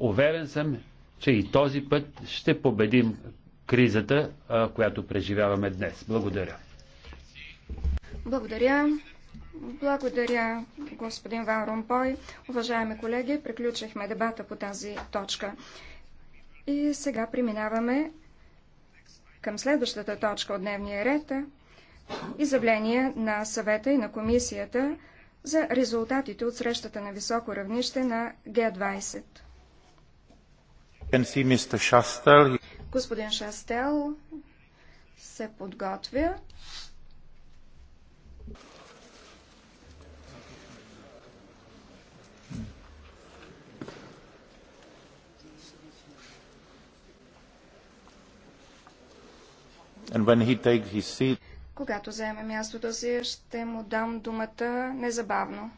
Уверен съм, че и този път ще победим кризата, която преживяваме днес. Благодаря. Благодаря. Благодаря, господин Ван Ромпой. Уважаеми колеги, приключихме дебата по тази точка. И сега преминаваме към следващата точка от дневния ред изявление на съвета и на комисията за резултатите от срещата на високо равнище на Г-20. Господин Шастел се подготвя. Seat... Когато заеме мястото си, ще му дам думата незабавно.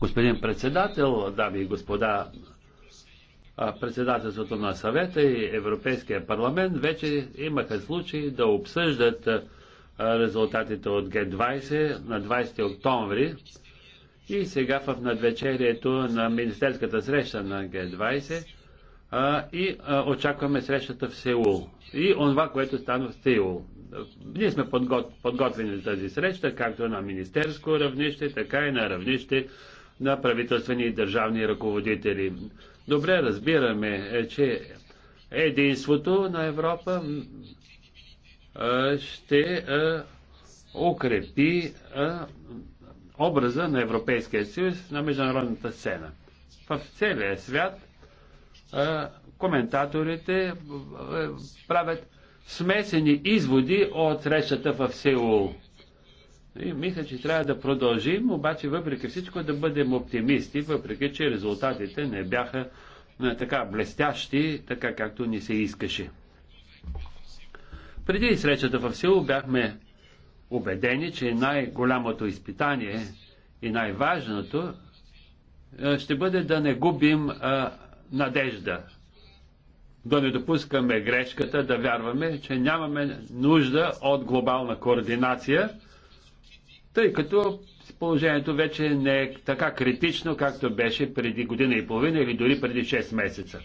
Господин председател, дами и господа, председателството на съвета и Европейския парламент вече имаха случай да обсъждат резултатите от Г-20 на 20 октомври и сега в надвечерието на министерската среща на Г-20 а, и а, очакваме срещата в Сеул. И онова, което стана в Сеул. Ние сме подгот, подготвени за тази среща, както на министерско равнище, така и на равнище на правителствени и държавни ръководители. Добре разбираме, е, че единството на Европа а, ще а, укрепи а, образа на Европейския съюз на международната сцена. В целия свят коментаторите е, правят смесени изводи от срещата в Сеул. И мисля, че трябва да продължим, обаче въпреки всичко да бъдем оптимисти, въпреки че резултатите не бяха е, така блестящи, така както ни се искаше. Преди срещата в Сеул бяхме убедени, че най-голямото изпитание и най-важното е, ще бъде да не губим надежда. Да не допускаме грешката, да вярваме, че нямаме нужда от глобална координация, тъй като положението вече не е така критично, както беше преди година и половина или дори преди 6 месеца.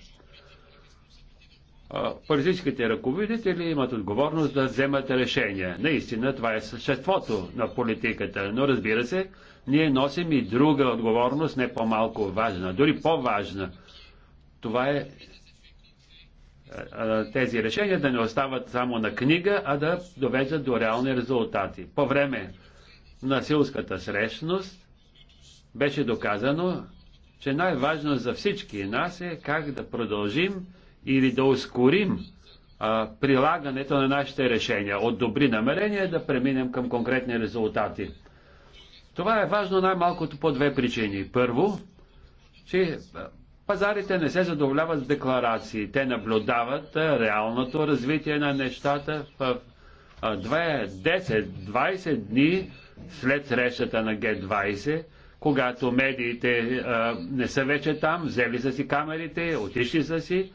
Политическите ръководители имат отговорност да вземат решения. Наистина това е съществото на политиката, но разбира се, ние носим и друга отговорност, не по-малко важна, дори по-важна – това е тези решения да не остават само на книга, а да довеждат до реални резултати. По време на силската срещност беше доказано, че най-важно за всички нас е как да продължим или да ускорим а, прилагането на нашите решения. От добри намерения да преминем към конкретни резултати. Това е важно най-малкото по две причини. Първо, че Пазарите не се задоволяват с декларации. Те наблюдават реалното развитие на нещата в 10-20 дни след срещата на Г-20, когато медиите не са вече там, взели са си камерите, отишли са си,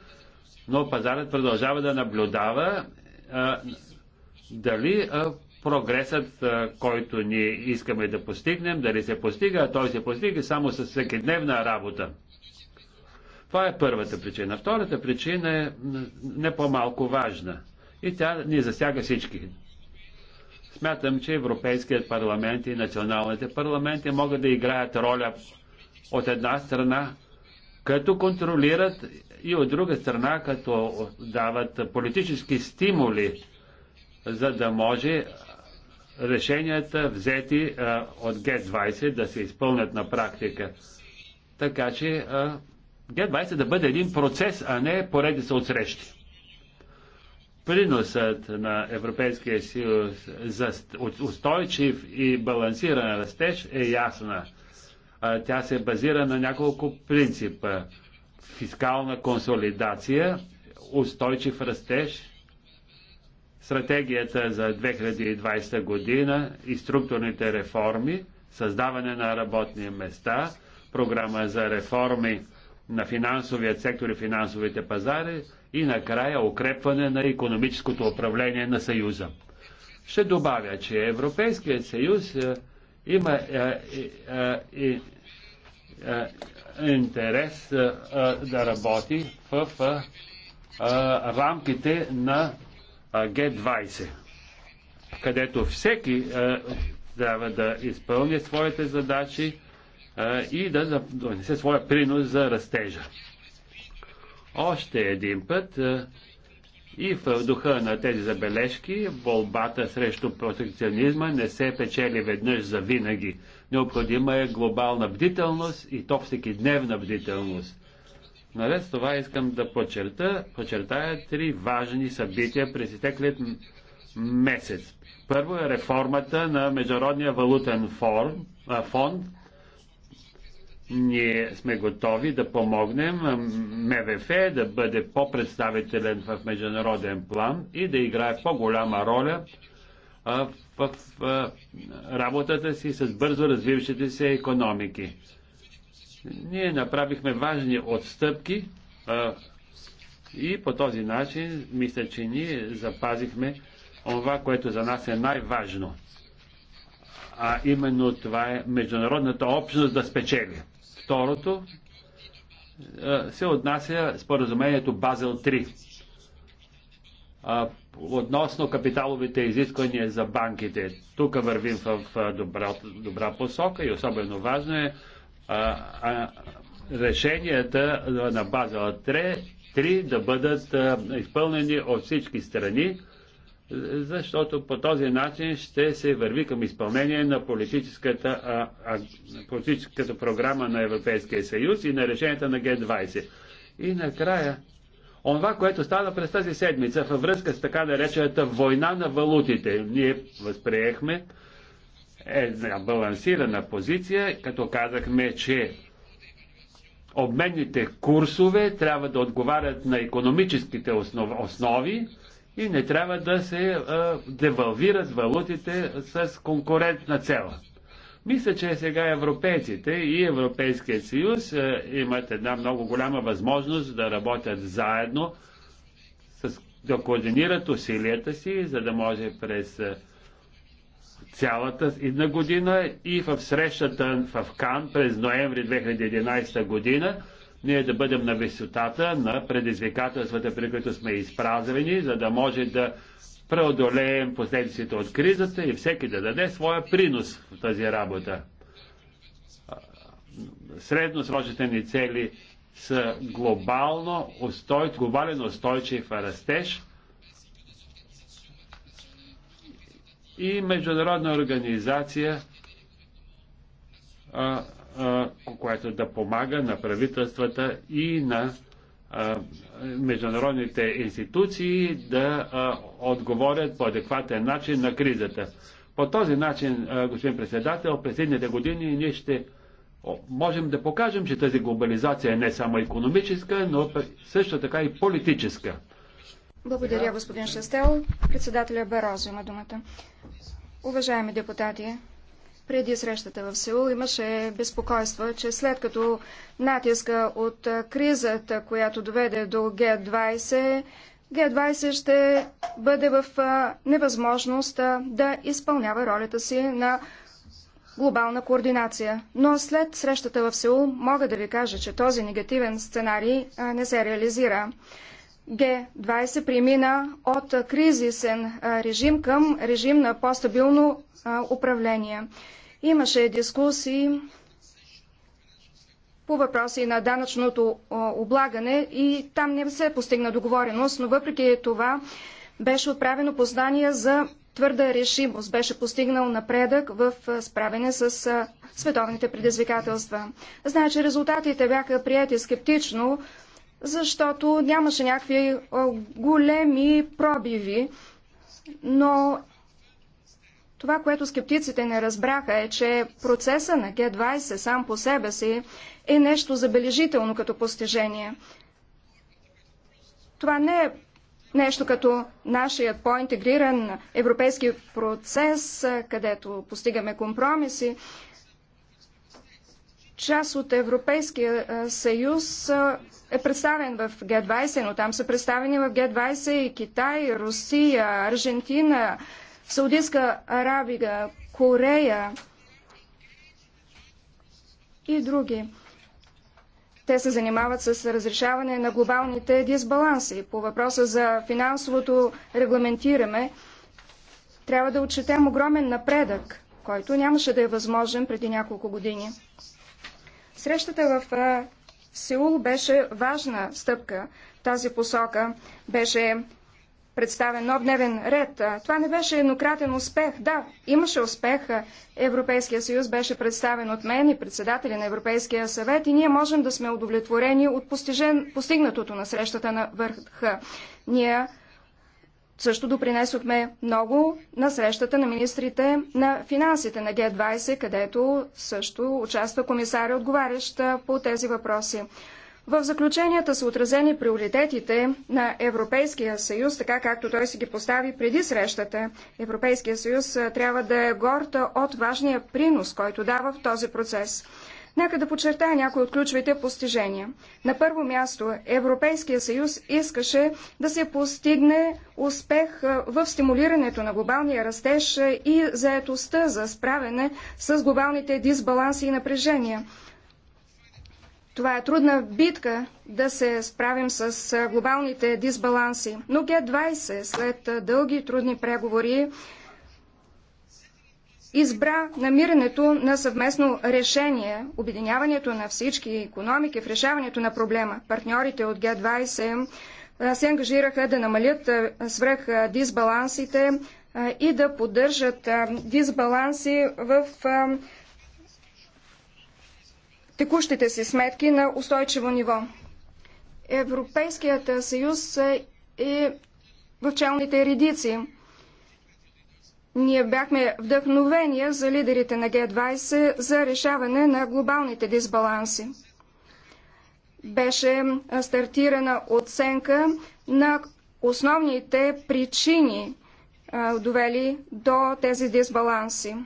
но пазарът продължава да наблюдава дали прогресът, който ние искаме да постигнем, дали се постига, а той се постига само с всекидневна работа. Това е първата причина. Втората причина е не по-малко важна. И тя ни засяга всички. Смятам, че Европейският парламент и националните парламенти могат да играят роля от една страна, като контролират и от друга страна, като дават политически стимули, за да може решенията взети от Г20 да се изпълнят на практика. Така че а, г-20 да бъде един процес, а не поредица от срещи. Приносът на Европейския съюз за устойчив и балансиран растеж е ясна. Тя се базира на няколко принципа. Фискална консолидация, устойчив растеж, стратегията за 2020 година и структурните реформи, създаване на работни места, програма за реформи на финансовият сектор и финансовите пазари и накрая укрепване на економическото управление на Съюза. Ще добавя, че Европейският съюз е, има е, е, интерес да работи в рамките на Г-20, където всеки трябва да изпълни своите задачи и да донесе своя принос за растежа. Още един път и в духа на тези забележки, болбата срещу протекционизма не се печели веднъж за винаги. Необходима е глобална бдителност и то всеки дневна бдителност. Наред с това искам да подчерта, подчертая три важни събития през изтеклият месец. Първо е реформата на Международния валутен фонд, ние сме готови да помогнем МВФ да бъде по-представителен в международен план и да играе по-голяма роля в, работата си с бързо развиващите се економики. Ние направихме важни отстъпки и по този начин мисля, че ние запазихме това, което за нас е най-важно. А именно това е международната общност да спечели. Второто е, се отнася споразумението Базел 3 относно капиталовите изисквания за банките. Тук вървим в добра, добра посока и особено важно е решенията на Базел 3, да бъдат изпълнени от всички страни защото по този начин ще се върви към изпълнение на политическата, а, а, политическата програма на Европейския съюз и на решенията на Г-20. И накрая, онова, което стана през тази седмица във връзка с така наречената война на валутите, ние възприехме една балансирана позиция, като казахме, че обменните курсове трябва да отговарят на економическите основи, и не трябва да се а, девалвират валутите с конкурентна цел. Мисля, че сега европейците и Европейския съюз а, имат една много голяма възможност да работят заедно, с, да координират усилията си, за да може през цялата една година и в срещата в Кан през ноември 2011 година ние да бъдем на висотата на предизвикателствата, при които сме изпразвени, за да може да преодолеем последиците от кризата и всеки да даде своя принос в тази работа. Средносрочните ни цели са глобално устой, глобален устойчив растеж и международна организация а, която да помага на правителствата и на международните институции да отговорят по адекватен начин на кризата. По този начин, господин председател, през следните години ние ще можем да покажем, че тази глобализация е не само економическа, но също така и политическа. Благодаря, господин Шестел. Председателя Барозо има думата. Уважаеми депутати, преди срещата в Сеул имаше безпокойство, че след като натиска от кризата, която доведе до Г-20, Г-20 ще бъде в невъзможност да изпълнява ролята си на глобална координация. Но след срещата в Сеул мога да ви кажа, че този негативен сценарий не се реализира. Г-20 премина от кризисен режим към режим на по-стабилно управление. Имаше дискусии по въпроси на данъчното облагане и там не се постигна договореност, но въпреки това беше отправено познание за твърда решимост. Беше постигнал напредък в справене с световните предизвикателства. Значи резултатите бяха прияти скептично, защото нямаше някакви големи пробиви, но това, което скептиците не разбраха е, че процеса на Г-20 сам по себе си е нещо забележително като постижение. Това не е нещо като нашият по-интегриран европейски процес, където постигаме компромиси. Част от Европейския съюз е представен в Г-20, но там са представени в Г-20 и Китай, Русия, Аржентина, Саудитска Арабия, Корея и други. Те се занимават с разрешаване на глобалните дисбаланси. По въпроса за финансовото регламентиране трябва да отчетем огромен напредък, който нямаше да е възможен преди няколко години. Срещата в Сеул беше важна стъпка в тази посока. Беше представен нов дневен ред. Това не беше еднократен успех. Да, имаше успех. Европейския съюз беше представен от мен и председатели на Европейския съвет и ние можем да сме удовлетворени от постижен, постигнатото на срещата на върха. Ние също допринесохме много на срещата на министрите на финансите на Г-20, където също участва комисаря, отговаряща по тези въпроси. В заключенията са отразени приоритетите на Европейския съюз, така както той си ги постави преди срещата. Европейския съюз трябва да е горд от важния принос, който дава в този процес. Нека да подчертая някои от ключовите постижения. На първо място Европейския съюз искаше да се постигне успех в стимулирането на глобалния растеж и заетостта за справене с глобалните дисбаланси и напрежения. Това е трудна битка да се справим с глобалните дисбаланси, но Г-20 след дълги и трудни преговори избра намирането на съвместно решение, обединяването на всички економики в решаването на проблема. Партньорите от Г-20 се ангажираха да намалят свръх дисбалансите и да поддържат дисбаланси в текущите си сметки на устойчиво ниво. Европейският съюз е в челните редици ние бяхме вдъхновения за лидерите на Г-20 за решаване на глобалните дисбаланси. Беше стартирана оценка на основните причини, довели до тези дисбаланси.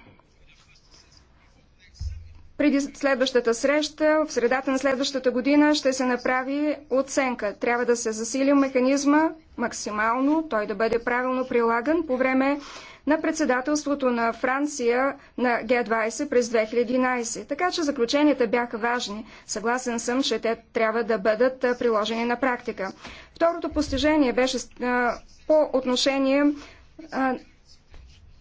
Преди следващата среща, в средата на следващата година, ще се направи оценка. Трябва да се засили механизма максимално, той да бъде правилно прилаган по време на председателството на Франция на Г-20 през 2011. Така че заключенията бяха важни. Съгласен съм, че те трябва да бъдат приложени на практика. Второто постижение беше по отношение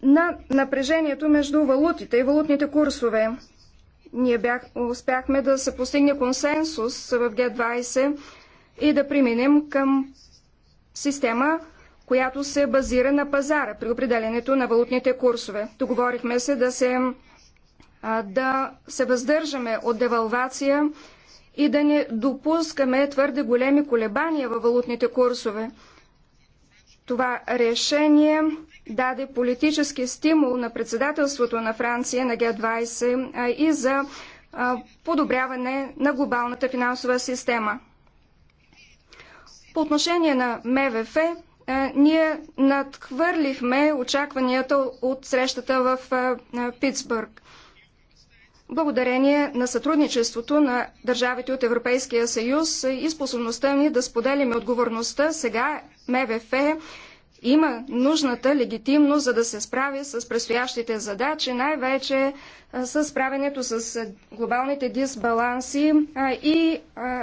на напрежението между валутите и валутните курсове. Ние бях, успяхме да се постигне консенсус в Г-20 и да преминем към система която се базира на пазара при определенето на валутните курсове. Договорихме се да се, да се въздържаме от девалвация и да не допускаме твърде големи колебания във валутните курсове. Това решение даде политически стимул на председателството на Франция на Г-20 и за подобряване на глобалната финансова система. По отношение на МВФ, ние надхвърлихме очакванията от срещата в Питсбърг. Благодарение на сътрудничеството на държавите от Европейския съюз и способността ни да споделиме отговорността, сега МВФ има нужната легитимност, за да се справи с предстоящите задачи, най-вече с справянето с глобалните дисбаланси и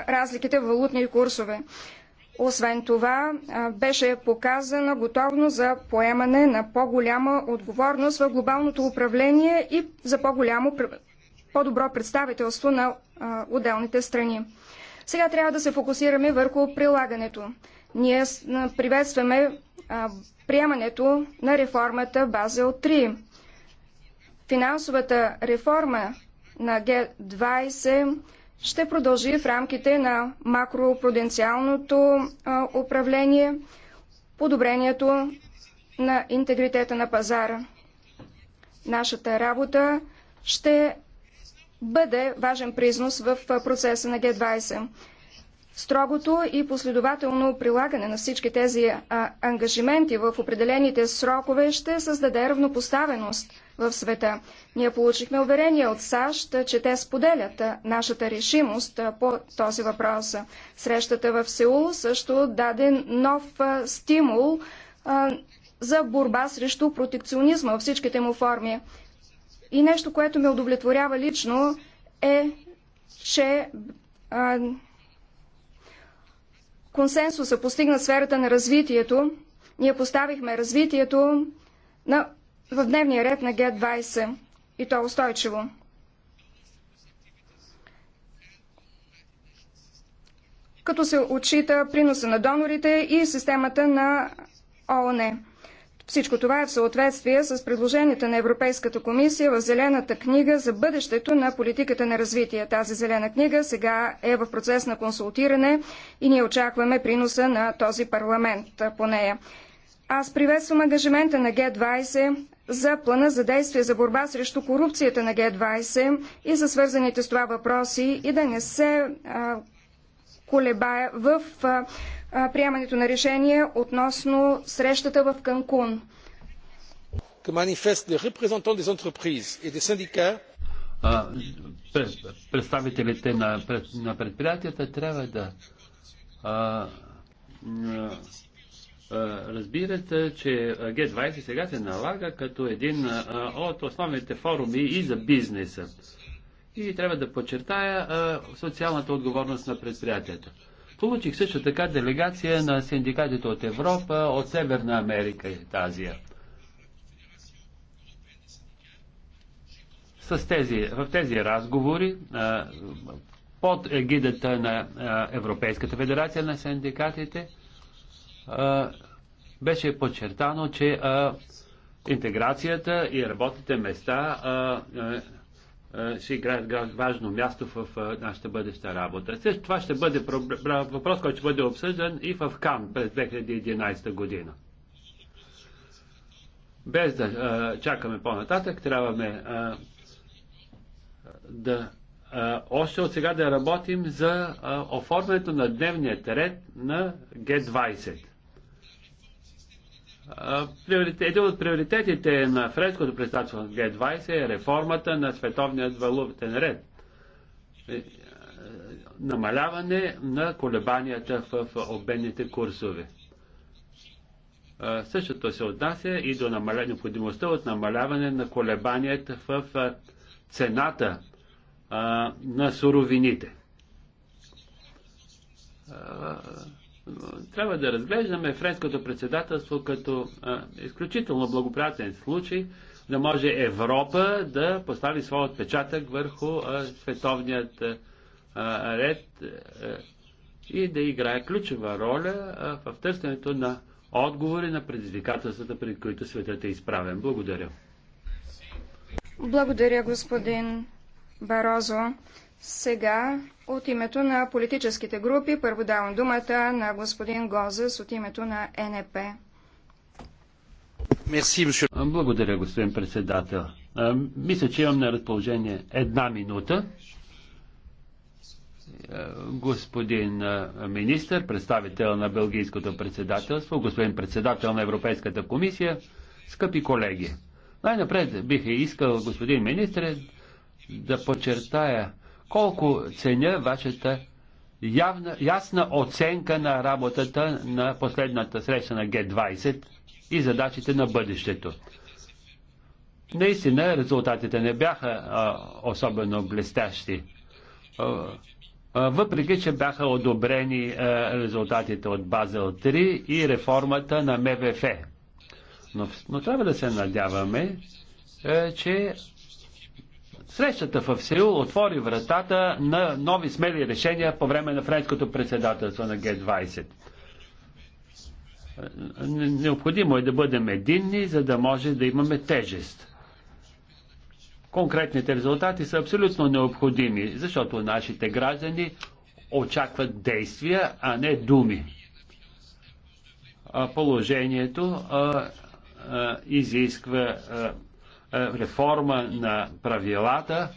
разликите в валутни курсове. Освен това, беше показана готовност за поемане на по-голяма отговорност в глобалното управление и за по-голямо, по-добро представителство на отделните страни. Сега трябва да се фокусираме върху прилагането. Ние приветстваме приемането на реформата Базел 3. Финансовата реформа на Г20 ще продължи в рамките на макропруденциалното управление, подобрението на интегритета на пазара. Нашата работа ще бъде важен признос в процеса на Г-20. Строгото и последователно прилагане на всички тези а, ангажименти в определените срокове ще създаде равнопоставеност в света. Ние получихме уверение от САЩ, че те споделят нашата решимост по този въпрос. Срещата в Сеул също даде нов стимул а, за борба срещу протекционизма във всичките му форми. И нещо, което ме удовлетворява лично е, че Консенсуса постигна сферата на развитието. Ние поставихме развитието на, в дневния ред на Г-20 и то устойчиво. като се отчита приноса на донорите и системата на ООН. Всичко това е в съответствие с предложенията на Европейската комисия в Зелената книга за бъдещето на политиката на развитие. Тази Зелена книга сега е в процес на консултиране и ние очакваме приноса на този парламент по нея. Аз приветствам ангажимента на Г-20 за плана за действие за борба срещу корупцията на Г-20 и за свързаните с това въпроси и да не се а, в а, приемането на решение относно срещата в Канкун. Представителите на, предприятията трябва да разбират, че Г20 сега се налага като един от основните форуми и за бизнеса. И трябва да подчертая социалната отговорност на предприятията. Получих също така делегация на синдикатите от Европа, от Северна Америка и Азия. С тези, в тези разговори под егидата на Европейската федерация на синдикатите беше подчертано, че интеграцията и работните места ще играят важно място в нашата бъдеща работа. Също това ще бъде въпрос, който ще бъде обсъждан и в КАМ през 2011 година. Без да а, чакаме по-нататък, трябваме а, да а, още от сега да работим за а, оформянето на дневният ред на Г20. Един от приоритетите на френското председателство на Г-20 е реформата на световния валутен ред. Е, е, намаляване на колебанията в обменните курсове. Е, същото се отнася и до намаля... необходимостта от намаляване на колебанията в цената на суровините. трябва да разглеждаме френското председателство като а, изключително благоприятен случай да може Европа да постави своя отпечатък върху а, световният а, ред а, и да играе ключова роля а, в търсенето на отговори на предизвикателствата, пред които светът е изправен. Благодаря. Благодаря, господин Барозо. Сега от името на политическите групи първо давам думата на господин Гозес от името на НП. Благодаря, господин председател. Мисля, че имам на разположение една минута. Господин министр, представител на Белгийското председателство, господин председател на Европейската комисия, скъпи колеги. Най-напред бих искал, господин министр, да подчертая колко ценя вашата явна, ясна оценка на работата на последната среща на Г-20 и задачите на бъдещето. Наистина резултатите не бяха а, особено блестящи. А, а, въпреки, че бяха одобрени а, резултатите от Базел 3 и реформата на МВФ. Но, но трябва да се надяваме, а, че Срещата в Сеул отвори вратата на нови смели решения по време на френското председателство на Г-20. Необходимо е да бъдем единни, за да може да имаме тежест. Конкретните резултати са абсолютно необходими, защото нашите граждани очакват действия, а не думи. Положението изисква е, реформа на правилата.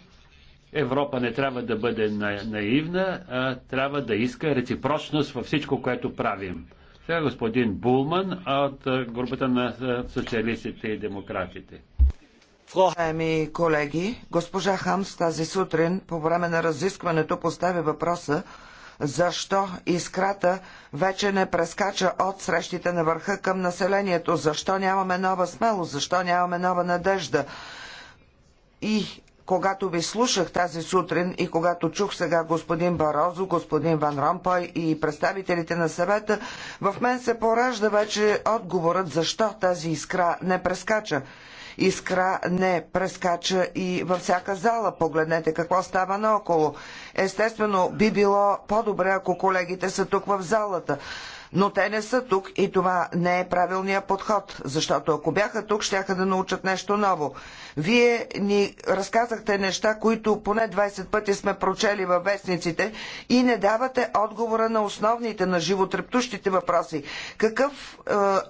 Европа не трябва да бъде наивна, а трябва да иска реципрочност във всичко, което правим. Сега господин Булман от е, групата на е, социалистите и демократите. Уважаеми колеги, госпожа Хамс тази сутрин по време на разискването поставя въпроса защо искрата вече не прескача от срещите на върха към населението? Защо нямаме нова смелост? Защо нямаме нова надежда? И когато ви слушах тази сутрин и когато чух сега господин Барозо, господин Ван Ромпой и представителите на съвета, в мен се поражда вече отговорът защо тази искра не прескача искра не прескача и във всяка зала. Погледнете какво става наоколо. Естествено, би било по-добре, ако колегите са тук в залата. Но те не са тук и това не е правилният подход, защото ако бяха тук, щяха да научат нещо ново. Вие ни разказахте неща, които поне 20 пъти сме прочели във вестниците и не давате отговора на основните, на животрептущите въпроси. Какъв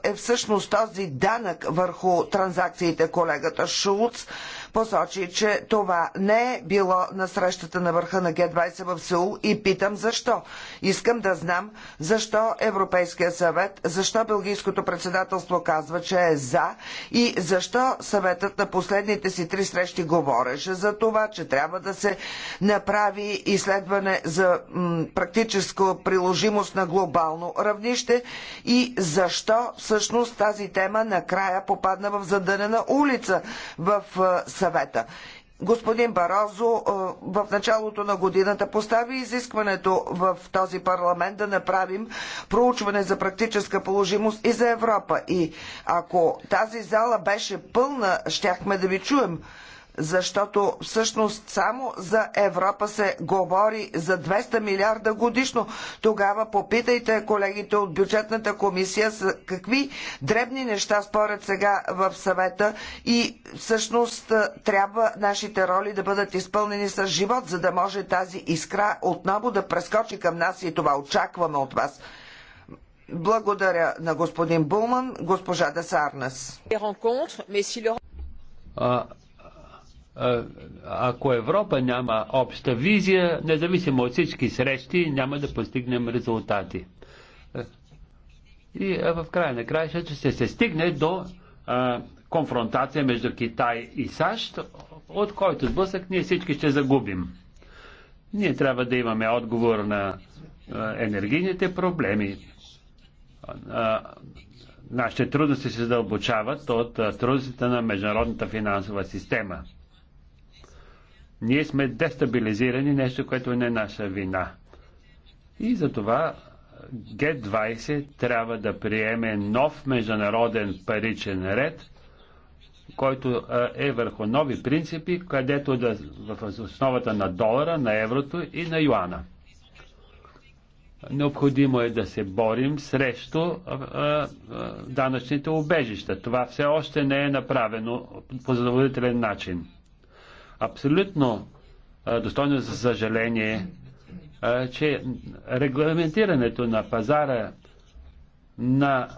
е, е всъщност този данък върху транзакциите, колегата Шулц? посочи, че това не е било на срещата на върха на Г-20 в Сеул и питам защо. Искам да знам защо Европейския съвет, защо Белгийското председателство казва, че е за и защо съветът на последните си три срещи говореше за това, че трябва да се направи изследване за практическа приложимост на глобално равнище и защо всъщност тази тема накрая попадна в задънена улица в съвета съвета. Господин Барозо е, в началото на годината постави изискването в този парламент да направим проучване за практическа положимост и за Европа. И ако тази зала беше пълна, щяхме да ви чуем защото всъщност само за Европа се говори за 200 милиарда годишно. Тогава попитайте колегите от бюджетната комисия с какви дребни неща според сега в съвета и всъщност трябва нашите роли да бъдат изпълнени с живот, за да може тази искра отново да прескочи към нас и това очакваме от вас. Благодаря на господин Булман, госпожа Десарнес ако Европа няма обща визия, независимо от всички срещи, няма да постигнем резултати. И в края на края ще се стигне до конфронтация между Китай и САЩ, от който сблъсък ние всички ще загубим. Ние трябва да имаме отговор на енергийните проблеми. нашите трудности се задълбочават от трудностите на международната финансова система. Ние сме дестабилизирани, нещо, което не е наша вина. И затова Г-20 трябва да приеме нов международен паричен ред, който е върху нови принципи, където да в основата на долара, на еврото и на юана. Необходимо е да се борим срещу а, а, данъчните убежища. Това все още не е направено по задоволителен начин. Абсолютно достойно за съжаление, че регламентирането на пазара на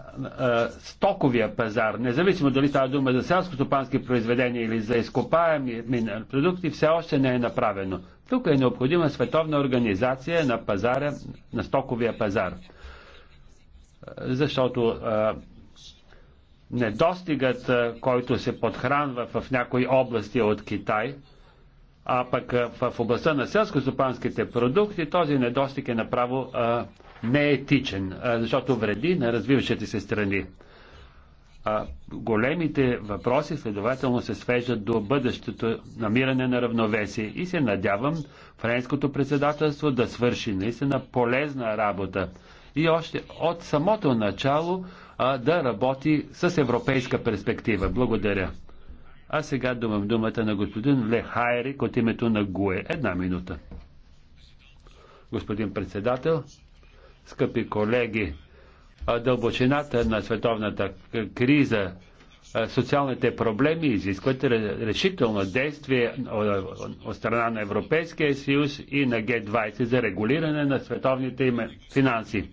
стоковия пазар, независимо дали става дума за селско-стопански произведения или за изкопаеми продукти, все още не е направено. Тук е необходима световна организация на пазара, на стоковия пазар. Защото а, недостигът, който се подхранва в някои области от Китай, а пък в областта на селско продукти този недостиг е направо а, неетичен, а, защото вреди на развиващите се страни. А, големите въпроси следователно се свеждат до бъдещето намиране на равновесие и се надявам френското председателство да свърши наистина полезна работа. И още от самото начало а, да работи с европейска перспектива. Благодаря. А сега думам думата на господин Лехайрик от името на ГУЕ. Една минута. Господин председател, скъпи колеги, дълбочината на световната криза, социалните проблеми изискват решително действие от страна на Европейския съюз и на Г-20 за регулиране на световните финанси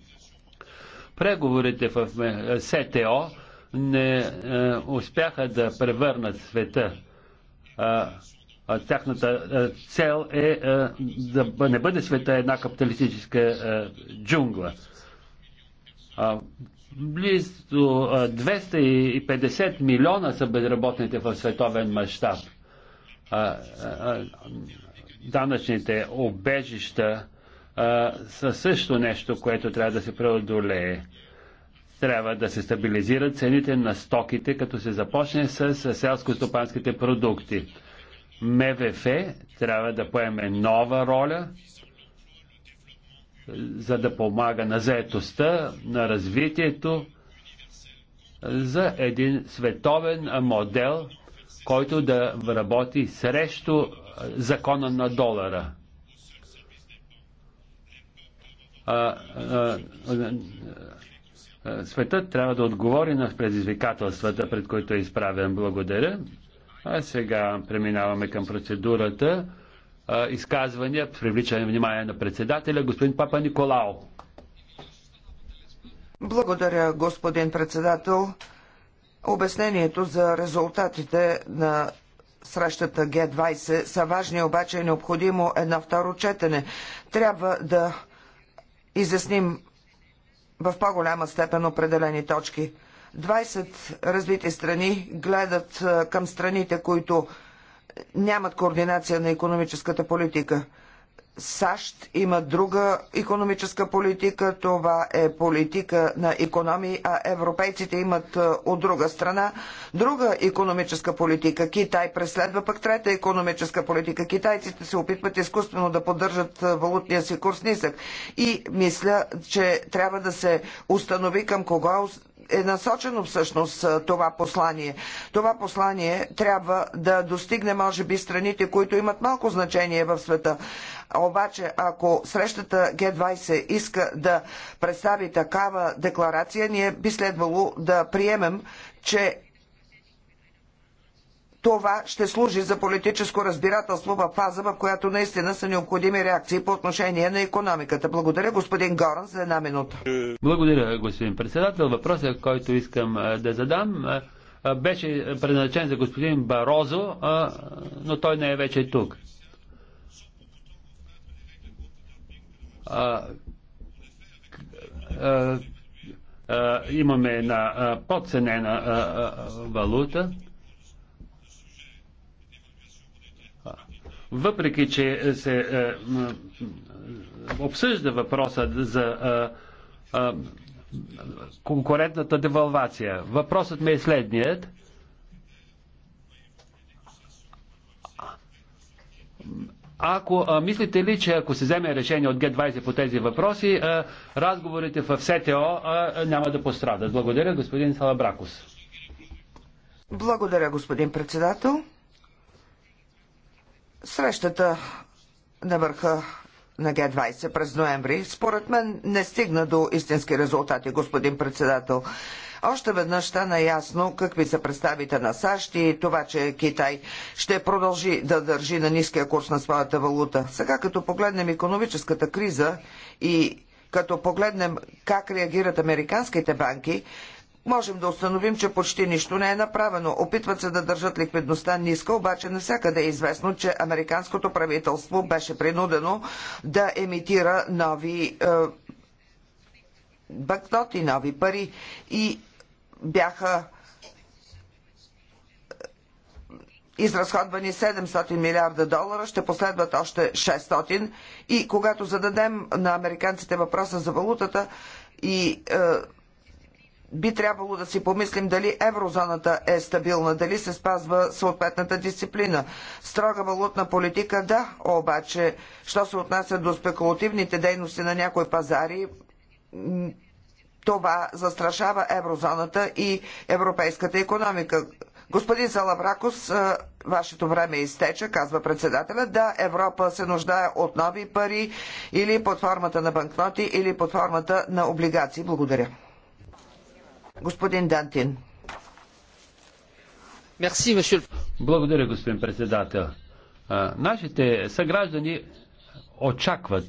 преговорите в е, СТО не е, успяха да превърнат света. Тяхната цел е, е да не бъде света една капиталистическа джунгла. Близо 250 милиона са безработните в световен мащаб. Данъчните обежища а, са също нещо, което трябва да се преодолее. Трябва да се стабилизират цените на стоките, като се започне с селско-стопанските продукти. МВФ трябва да поеме нова роля, за да помага на заетостта, на развитието, за един световен модел, който да работи срещу закона на долара. светът трябва да отговори на предизвикателствата, пред които е изправен. Благодаря. А сега преминаваме към процедурата. Изказвания, привличане внимание на председателя, господин Папа Николао. Благодаря, господин председател. Обяснението за резултатите на срещата Г20 са важни, обаче е необходимо едно второ четене. Трябва да изясним в по-голяма степен определени точки. 20 развити страни гледат към страните, които е, нямат координация на економическата политика. САЩ има друга економическа политика, това е политика на економии, а европейците имат е, от друга страна друга економическа политика. Китай преследва пък трета економическа политика. Китайците се опитват изкуствено да поддържат е, валутния си курс нисък. И мисля, че трябва да се установи към кого е насочено всъщност това послание? Това послание трябва да достигне, може би, страните, които имат малко значение в света. Обаче, ако срещата Г-20 иска да представи такава декларация, ние би следвало да приемем, че това ще служи за политическо разбирателство във фаза, в която наистина са необходими реакции по отношение на економиката. Благодаря, господин Горан, за една минута. Благодаря, господин председател. Въпросът, който искам да задам, беше предназначен за господин Барозо, но той не е вече тук. Имаме една подценена валута Въпреки, че се е, е, обсъжда въпроса за е, конкурентната девалвация, въпросът ми е следният. Ако а, мислите ли, че ако се вземе решение от Г20 по тези въпроси, а, разговорите в СТО а, а, няма да пострадат? Благодаря, господин Салабракус. Благодаря, господин председател срещата на върха на Г-20 през ноември, според мен не стигна до истински резултати, господин председател. Още веднъж стана ясно какви са представите на САЩ и това, че Китай ще продължи да държи на ниския курс на своята валута. Сега като погледнем економическата криза и като погледнем как реагират американските банки, можем да установим, че почти нищо не е направено. Опитват се да държат ликвидността ниска, обаче навсякъде е известно, че американското правителство беше принудено да емитира нови е, банкноти, нови пари и бяха е, изразходвани 700 милиарда долара, ще последват още 600. И когато зададем на американците въпроса за валутата и е, би трябвало да си помислим дали еврозоната е стабилна, дали се спазва съответната дисциплина. Строга валутна политика, да, обаче, що се отнася до спекулативните дейности на някои пазари, това застрашава еврозоната и европейската економика. Господин Салабракос, вашето време изтече, казва председателя. Да, Европа се нуждае от нови пари или под формата на банкноти, или под формата на облигации. Благодаря. Господин Дантин. Благодаря, господин председател. Нашите съграждани очакват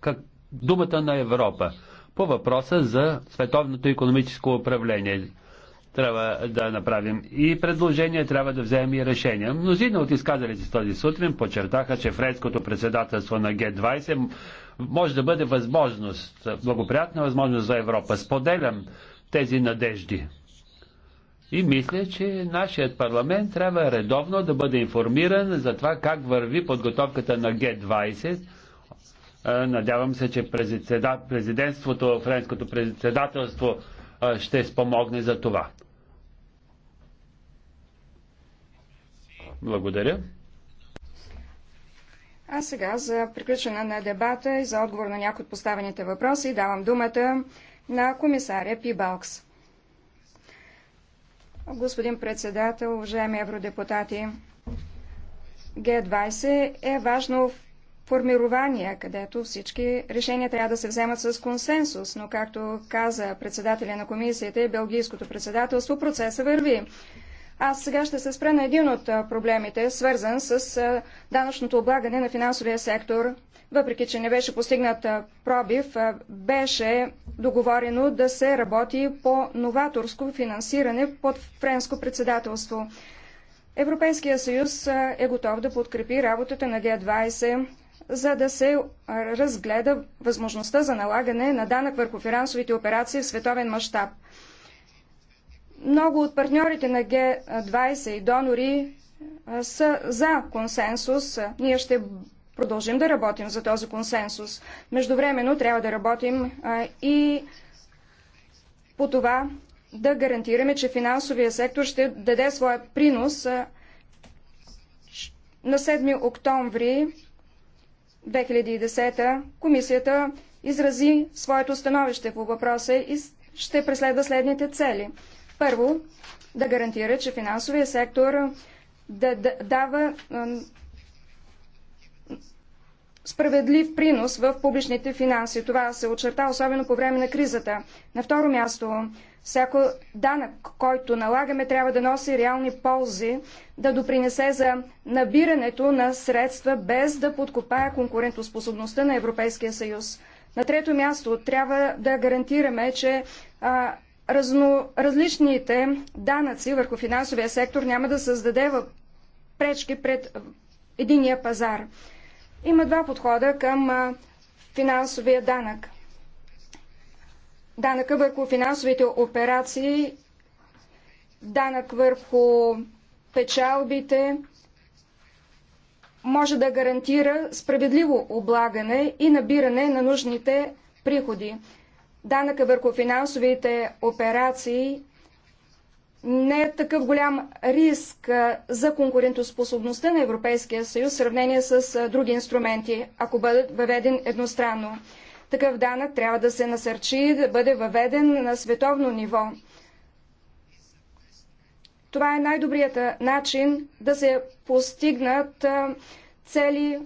как думата на Европа по въпроса за световното економическо управление. Трябва да направим и предложения, трябва да вземем и решения. Мнозина от изказалите с този сутрин подчертаха, че френското председателство на Г-20 може да бъде възможност, благоприятна възможност за Европа. Споделям тези надежди. И мисля, че нашият парламент трябва редовно да бъде информиран за това как върви подготовката на Г-20. Надявам се, че президентството, френското председателство ще спомогне за това. Благодаря. А сега за приключване на дебата и за отговор на някои от поставените въпроси давам думата на комисаря Пибалкс. Господин председател, уважаеми евродепутати, Г20 е важно формирование, където всички решения трябва да се вземат с консенсус, но както каза председателя на комисията и Белгийското председателство, процеса върви. Аз сега ще се спра на един от проблемите, свързан с данъчното облагане на финансовия сектор. Въпреки, че не беше постигнат пробив, беше договорено да се работи по новаторско финансиране под френско председателство. Европейския съюз е готов да подкрепи работата на Г-20, за да се разгледа възможността за налагане на данък върху финансовите операции в световен мащаб. Много от партньорите на Г20 и донори са за консенсус. Ние ще продължим да работим за този консенсус. Междувременно трябва да работим и по това да гарантираме, че финансовия сектор ще даде своя принос на 7 октомври 2010 комисията изрази своето становище по въпроса и ще преследва следните цели. Първо, да гарантира, че финансовия сектор да, да дава справедлив принос в публичните финанси. Това се очерта особено по време на кризата. На второ място, всяко данък, който налагаме, трябва да носи реални ползи, да допринесе за набирането на средства, без да подкопая конкурентоспособността на Европейския съюз. На трето място, трябва да гарантираме, че а, разно, различните данъци върху финансовия сектор няма да създаде пречки пред единия пазар. Има два подхода към финансовия данък. Данъка върху финансовите операции, данък върху печалбите, може да гарантира справедливо облагане и набиране на нужните приходи данъка върху финансовите операции не е такъв голям риск за конкурентоспособността на Европейския съюз в сравнение с други инструменти, ако бъде въведен едностранно. Такъв данък трябва да се насърчи да бъде въведен на световно ниво. Това е най-добрият начин да се постигнат цели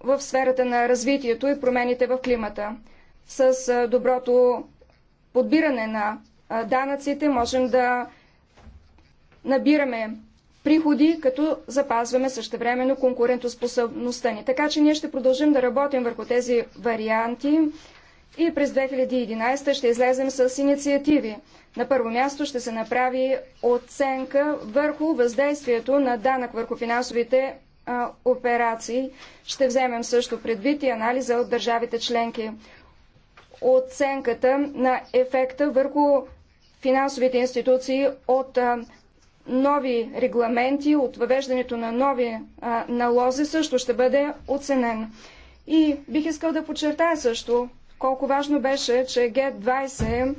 в сферата на развитието и промените в климата с доброто подбиране на данъците можем да набираме приходи, като запазваме същевременно конкурентоспособността ни. Така че ние ще продължим да работим върху тези варианти и през 2011 ще излезем с инициативи. На първо място ще се направи оценка върху въздействието на данък върху финансовите а, операции. Ще вземем също предвид и анализа от държавите членки оценката на ефекта върху финансовите институции от нови регламенти, от въвеждането на нови налози също ще бъде оценен. И бих искал да подчертая също колко важно беше, че Г20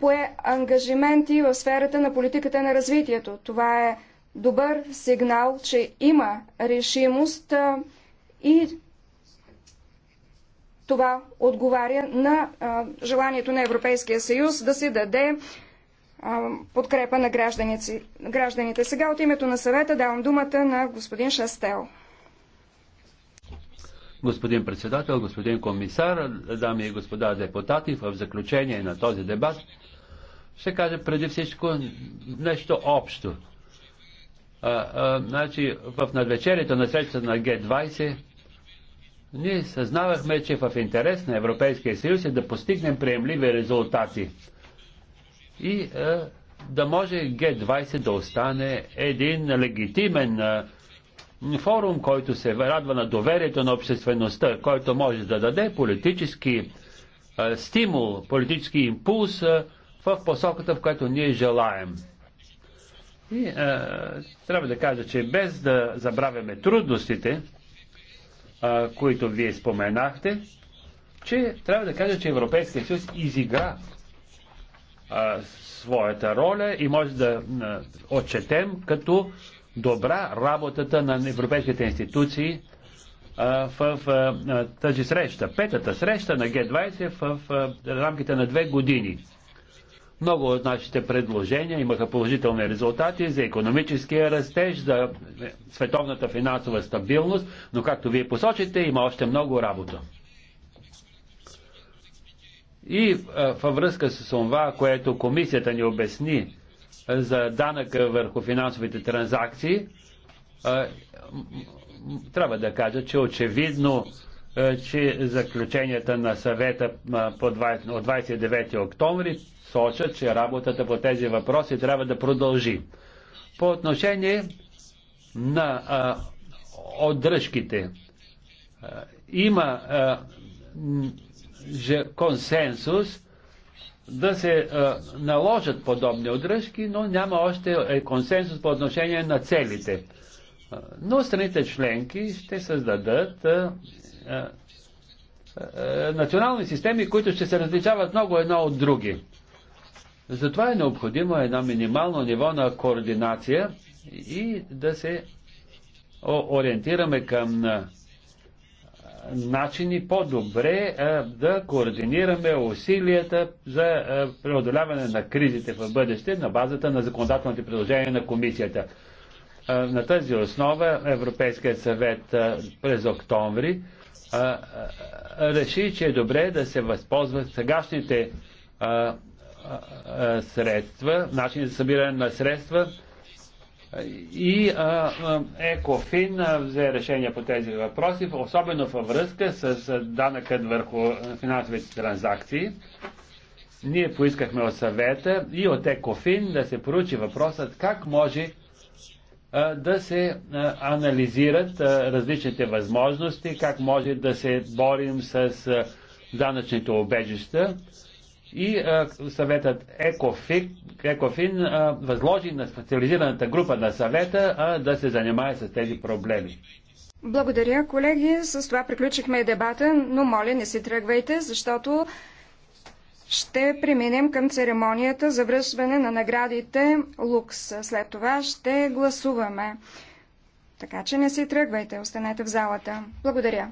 пое ангажименти в сферата на политиката на развитието. Това е добър сигнал, че има решимост и това отговаря на желанието на Европейския съюз да се даде подкрепа на гражданите. Сега от името на съвета давам думата на господин Шастел. Господин председател, господин комисар, дами и господа депутати, в заключение на този дебат ще кажа преди всичко нещо общо. А, а, значи, в надвечерието на срещата на Г-20 ние съзнавахме, че в интерес на Европейския съюз е да постигнем приемливи резултати и е, да може Г20 да остане един легитимен е, форум, който се радва на доверието на обществеността, който може да даде политически е, стимул, политически импулс е, в посоката, в която ние желаем. И е, трябва да кажа, че без да забравяме трудностите, а, които вие споменахте, че трябва да кажа, че Европейския съюз изигра а, своята роля и може да а, отчетем като добра работата на европейските институции а, в а, тази среща, петата среща на Г-20 в а, рамките на две години. Много от нашите предложения имаха положителни резултати за економическия растеж, за световната финансова стабилност, но както вие посочите, има още много работа. И е, във връзка с това, което комисията ни обясни за данъка върху финансовите транзакции, е, трябва да кажа, че очевидно е, че заключенията на съвета от 29 октомври сочат, че работата по тези въпроси трябва да продължи. По отношение на а, отдръжките, а, има а, консенсус да се а, наложат подобни отдръжки, но няма още е, консенсус по отношение на целите. Но страните членки ще създадат е, е, е, национални системи, които ще се различават много едно от други. Затова е необходимо едно минимално ниво на координация и да се ориентираме към начини по-добре да координираме усилията за преодоляване на кризите в бъдеще на базата на законодателните предложения на комисията. На тази основа Европейският съвет през октомври а, реши, че е добре да се възползват сегашните а, а, а, средства, начини за събиране на средства и а, а, ЕКОФИН взе решение по тези въпроси, особено във връзка с данъкът върху финансовите транзакции. Ние поискахме от съвета и от ЕКОФИН да се поручи въпросът как може да се анализират различните възможности, как може да се борим с данъчните обежища. И съветът ЕКОФИН възложи на специализираната група на съвета да се занимае с тези проблеми. Благодаря, колеги. С това приключихме дебата, но моля, не си тръгвайте, защото ще преминем към церемонията за връщане на наградите Лукс. След това ще гласуваме. Така че не си тръгвайте, останете в залата. Благодаря.